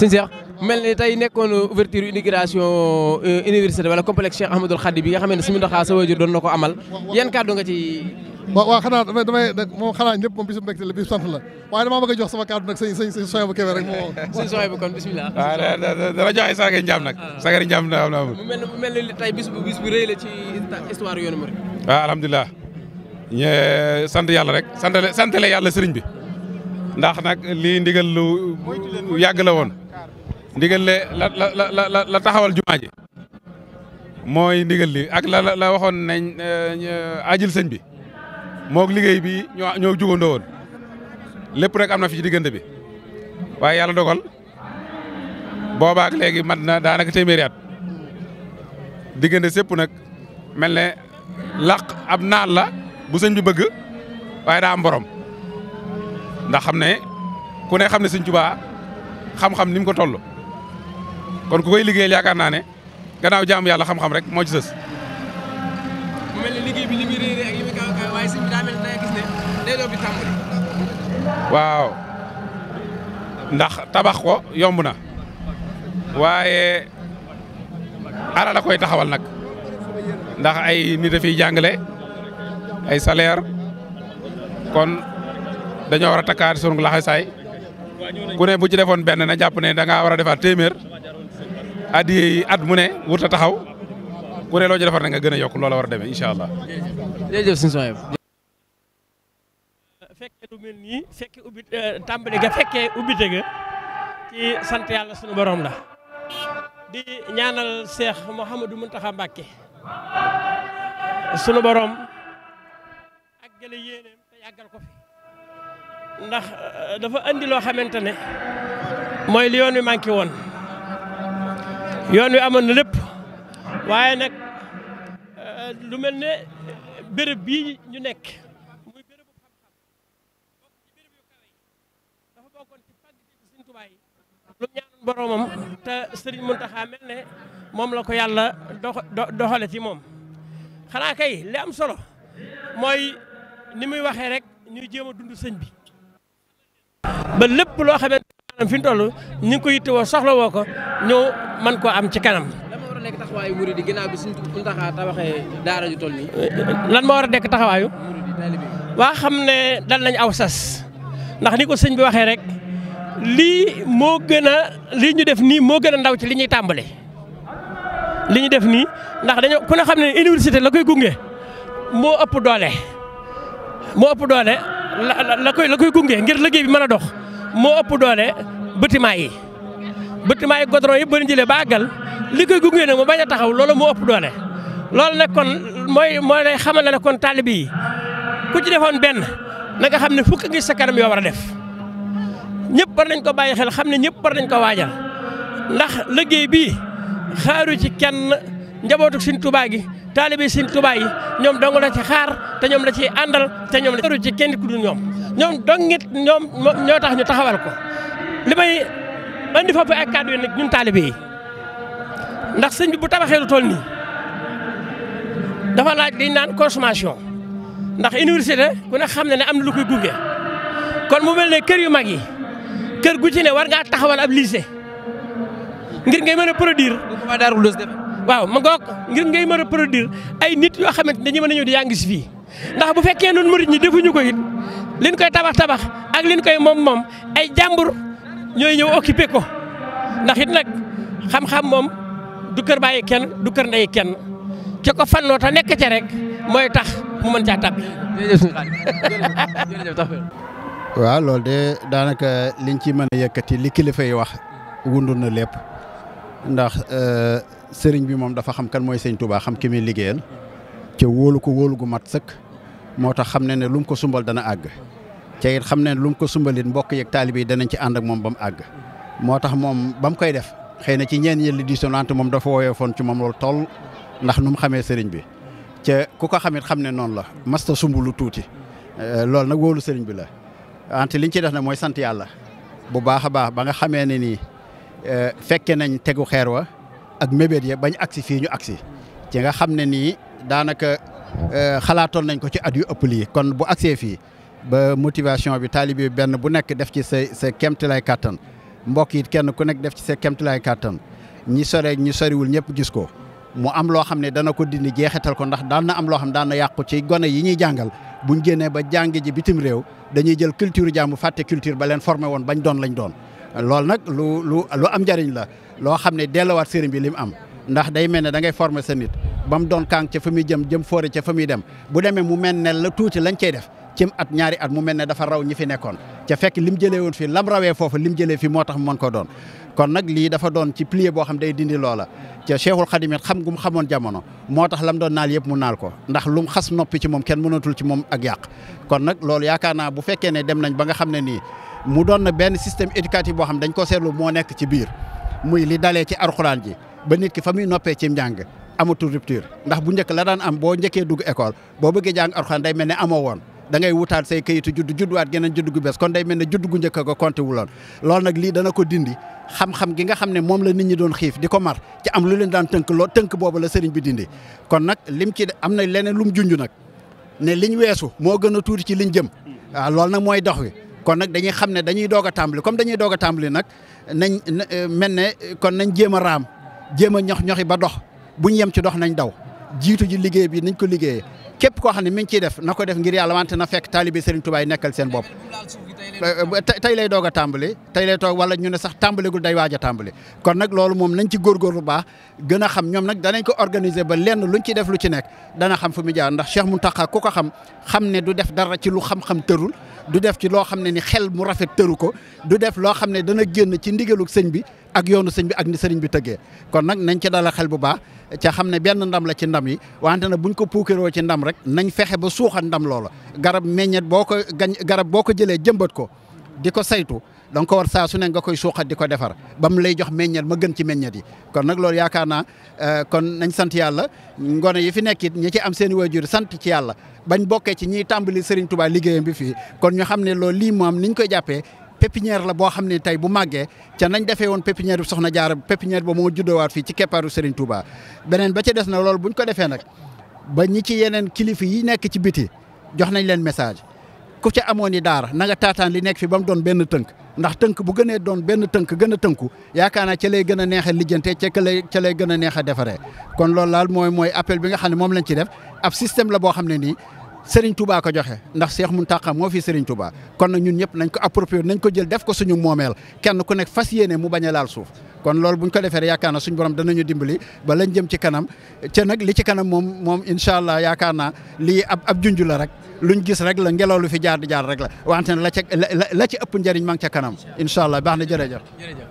sëñ Cheikh mel ni tey nekkoon ouverture immigration euh, université wala complexe Cheikh Ahmadoul Khadim bi nga xam ne suñu ndoxaa sa waajur doon na ko amal yan kàddu nga ci. waaw waaw xanaa damay damay moom xanaa ñëpp moom la bisu sant la waaye damaa a jox sama kàddu nag sëñ sëñ bu Kébé rek moo. sëñ sooy bu kon bisimilah. waaw ah, dama joxe sagari njaam nag. Ah. sagari njaam na am na mu mel ni tey bis bu bis bu rëy la ci ah, sant yàlla rek sant la sant la yàlla sëriñ bi ndax nag lii ndigal lu yàgg la woon ndigal le la la la la taxawal jumaa ji mooy ndigal li ak la la waxoon nañ euh, ajil sëñ bi moog liggéey bi ñoo ñoo jugandoo woon lépp rek am na fi ci diggante bi waaye yàlla dogal boobaak léegi mat na daanaka téeméeri at diggante sépp nag mel ne laq ab naal la bu sëñ bi bëgg waaye daa am ndax xam ne ku ne xam ne sëñ Tuubaa xam-xam ni ko toll kon ku koy liggéeyal yaakaar naa ne gannaaw jaamu yàlla xam-xam rek moo ci sës. mu mel ni liggéey bi li muy réeré ak li muy gaaw gaaw waaye sëñ bi daa mel ne gis ne day bi di tàmbali. waaw ndax tabax ko yomb na waaye ara la koy taxawal nag ndax ay nit a fiy jàngale ay salaire kon dañoo war a takkaat sunu laxasaay ku ne bu ci defoon benn na jàpp ne da ngaa war a defaat téeméer addi at mu ne wuta a taxaw ku ne loo ci defar na nga gën a yokk loola war a demee incha allah. jërëjëf sëñ lu mel nii fekke ubbi euh, tàmbali ga fekkee ubbite ga ci sant yàlla sunu borom la. di ñaanal seex Mouhamadou Mountakha Mbacké sunu borom ak gële yéeneem te yàggal ko fi ndax euh, dafa andi loo xamante ne mooy li yoon wi manqué woon. yoon wi amoon na lépp waaye nag euh, lu mel ne bërëb bii ñu nekk muy bérébu xam-xam bokk ci béréb yu kawe Sëriñ Tuubaa yi lu mel ne moom la ko yàlla doxale ci moom xanaa kay li am solo mooy ni muy waxee rek ñuy jéem a dund sëñ bi ba lépp loo xam manam fiñ tollu ñi ko yitté wo soxla woo ko ñëw man ko am ci kanam. lan moo war a nekk taxawaayu murid yi ginnaaw bi suñu Muntaxa tabaxee daara ju toll nii. lan moo war a nekk taxawaayu. waa xam ne dal aw sas ndax ni ko bi rek a ñu def ni mo gëna ndaw ci li ñuy tambalé li ñu def nii ndax dañoo ku ne xam université la koy gunge moo ëpp doolé mo ëpp doolé la la koy la koy gungé ngir liggéey bi mëna dox. moo ëpp doole bâtiment yi bâtiment yi goudron yi bëri jëlee ba àggal li koy gunge nag mu bañ a taxaw loolu moo ëpp doole. loolu nag kon mooy mooy lay xamal ne kon taalibe yi ku ci defoon benn na nga xam ne fukk ngi sa kanam yoo war a def ñëpp war nañ ko bàyyi xel xam ne ñëpp war nañ ko waajal ndax liggéey bii xaaru ci kenn njabootu Sëriñ Tuubaa gi. taalibe Sëriñ Tuubaa yi ñoom dong la ci xaar te ñoom la ciy àndal te ñoom la ci kenn ku dul ñoom ñoom dong it ñoom ñoo tax ñu taxawal ko li may bandi foofu ak kàddu yi nag ñun taalibe yi ndax sëñ bi bu tabaxee lu toll nii dafa laaj liñ naan consommation ndax université ku ne xam na ne am na lu koy kon mu mel ne kër yu mag yi kër gu ci ne war ngaa taxawal ab lycée ngir ngay mën a produire. waaw ma ngoog ngir ngay mën a produire ay nit yo xamanteni dañu mëna a ñëw di yàngi si fii ndax bu fekke noonu mom ñi defuñu ko yit liñ koy tabax tabax ak liñ koy mom mom ay jàmbur ñoy ñëw occuper ko ndax it nak xam-xam mom du kër baye kenn du kër ndey kenn ci ko fanno ta nek ci rek moy tax mu mën ci tabbi. waaw lol de danaka liñ ci mëna a li kilifa yi wax wundu na lepp ndax euh, sëriñ bi moom dafa xam kan mooy sëñ Touba xam ki muy liggéeyal ca wóolu ko wóolu gu mat sëkk moo tax xam ne ne lu mu ko sumbal dana àgg ca it xam ne lu lum ko sumbalit mbokk yeeg taalibe yi danañ ci ànd moom ba mu àgg moo tax moom ba koy def xëy na ci ñeen ñi li disonante moom dafa woyofoon ci moom loolu toll ndax nu mu xamee sëriñ bi ca ku ko xamit xam ne noonu la masta sumb lu tuuti euh, loolu nag wóolu sëriñ bi la wante liñ ci def nag mooy sant yàlla Euh, fekke nañ tegu xeer wa ak mébét ya bañ agsi fii ñu agsi ci nga xam ne nii daanaka euh, xalaatoon nañ ko ci at yu ëpp lii kon bu agsee fii ba motivation bi taalibe bi benn bu nekk def ci sa sa kemtalaay kàttan mbokk yi kenn ku nekk def ci se kemtalaay kàttan ñi sore ñi soriwul ñëpp gis ko mu am loo xam ne dana ko dindi jeexital ko ndax daan na am loo xam daan na yàqu ci gone yi ñuy jàngal buñ génnee ba jàng ji bitim réew dañuy jël culture jàmm fàtte culture ba leen formé woon bañ doon lañ doon loolu nag lu lu lu am njariñ la loo xam ne dellowaat sëriñ bi li mu am ndax day mel ne da ngay former sa nit ba mu doon kàng ca fa muy jëm jëm foore ca fa muy dem bu demee mu mel ne la tuuti lañ cey def cim at ñaari at mu mel ne dafa raw ñi fi nekkoon ca fekk lim jëlee woon fii lam rawee foofu lim jëlee fii moo tax mu mën ko doon kon nag lii dafa doon ci plié boo xam day dindi loola ca Cheikhul Khadim it xam gum xamoon jamono moo tax lam doon naal yëpp mu naal ko ndax lum xas noppi ci moom kenn mënatul ci moom ak yàq kon nag loolu yaakaar naa bu fekkee ne dem nañ ba nga xam ne nii mu doon na benn système éducatif boo xam dañ ko seetlu moo nekk ci biir muy li dalee ci arxuraan ji ba nit ki fa muy noppee ci njàng amatul rupture ndax bu njëkk la daan am boo njëkkee dugg école boo bëggee jàng arxuraan day mel ne amoo woon da ngay wutaat say kayitu judd judduwaat geneen judd gu bees kon day mel ne judd gu njëkk ko compté wuloon loolu nag lii dana ko dindi xam-xam gi nga xam ne moom la nit ñi doon xiif di ko mar ci am lu leen daan tënk loo tënk boobu la sëriñ bi dindi kon nag lim ci am na leneen lum junj nag ne liñ weesu moo gën a tuuti ci liñ jëm loolu nag mooy dox wi kon nag dañuy xam ne dañuy a tàmbali comme dañuy doog a tàmbali nag nañ euh, mel ne euh, kon nañ jéem a raam jéem a ñox ñoxi ba dox bu ñu yem ci dox nañ daw jiitu ji liggéey bi nañ ko liggéeye képp koo xam ne mi ciy def na ko def ngir yàlla wante na fekk taalibe Serigne nekkal seen bopp. Euh, tey lay doog a tàmbali tey lay toog wala ñu ne sax tàmbaligul day waaj a kon nag loolu moom nañ ci góorgóorlu baax gën a xam ñoom nag danañ ko organiser ba lenn luñ ci def lu ci nekk dana xam fu mu jaar ndax Cheikh Mountakha ku ko xam xam ne du def dara ci lu xam-xam tërul du def ci loo xam ne ni xel mu rafet tëru ko du def loo xam ne dana génn ci ndigalu sëñ bi ak yoonu sëñ bi ak ni sëriñ bi tëggee kon nag nañ ci dala xel bu baax ca xam ne benn ndam la ci ndam yi wante na buñ ko puukiroo ci ndam rek nañ fexe ba suuxat ndam loola garab meññet boo ko gañ garab boo ko jëlee jëmbat ko di ko saytu da ko war saa su ne nga koy suuxat di ko defar bam lay jox meññet ma gën ci meññet yi kon nag loolu yaakaar na euh, kon nañ sant yàlla ngone yi fi nekk it ñi ci am seen i waajur sant ci yàlla bañ bokkee ci ñiy tàmbali Serigne Touba liggéeyam bi fii kon ñu xam ne loolu lii moom niñ koy jàppee pépinière la boo xam ne tey bu màggee ca nañ defee woon pépinière bi soxna jaara pépinière ba moo juddoowaat fii ci keppaaru Serigne Touba beneen ba ca des na loolu buñ ko defee nag ba ñi ci yeneen kilifa yi nekk ci biti jox nañ leen message ku ca amoon i daara na taataan li nekk fi ba mu doon benn tënk ndax tënk bu gënee doon benn tënk gën a tënku yaakaar naa ca lay gën a neex a lijjante ca ka ca lay gën a neex a defaree kon loolu laal mooy mooy appel bi nga xam ne moom lañ ci def ab système la boo xam ne nii Serigne Touba ko joxe ndax Cheikh Mountakha moo fi Serigne Touba kon na ñun ñëpp nañ ko approprier nañ ko jël def ko suñu moomeel kenn ku nekk fas yéene mu bañ a laal suuf. kon loolu buñ ko defee yaakaar naa suñu borom danañu dimbali ba lañ jëm ci kanam ca nag li ci kanam moom moom incha allah yaakaar naa lii ab ab junj la rek luñ gis rek la ngelaw lu fi jaar di jaar rek la wante la ca la ci ëpp njëriñ maa ca kanam. incha allah baax na jërëjëf.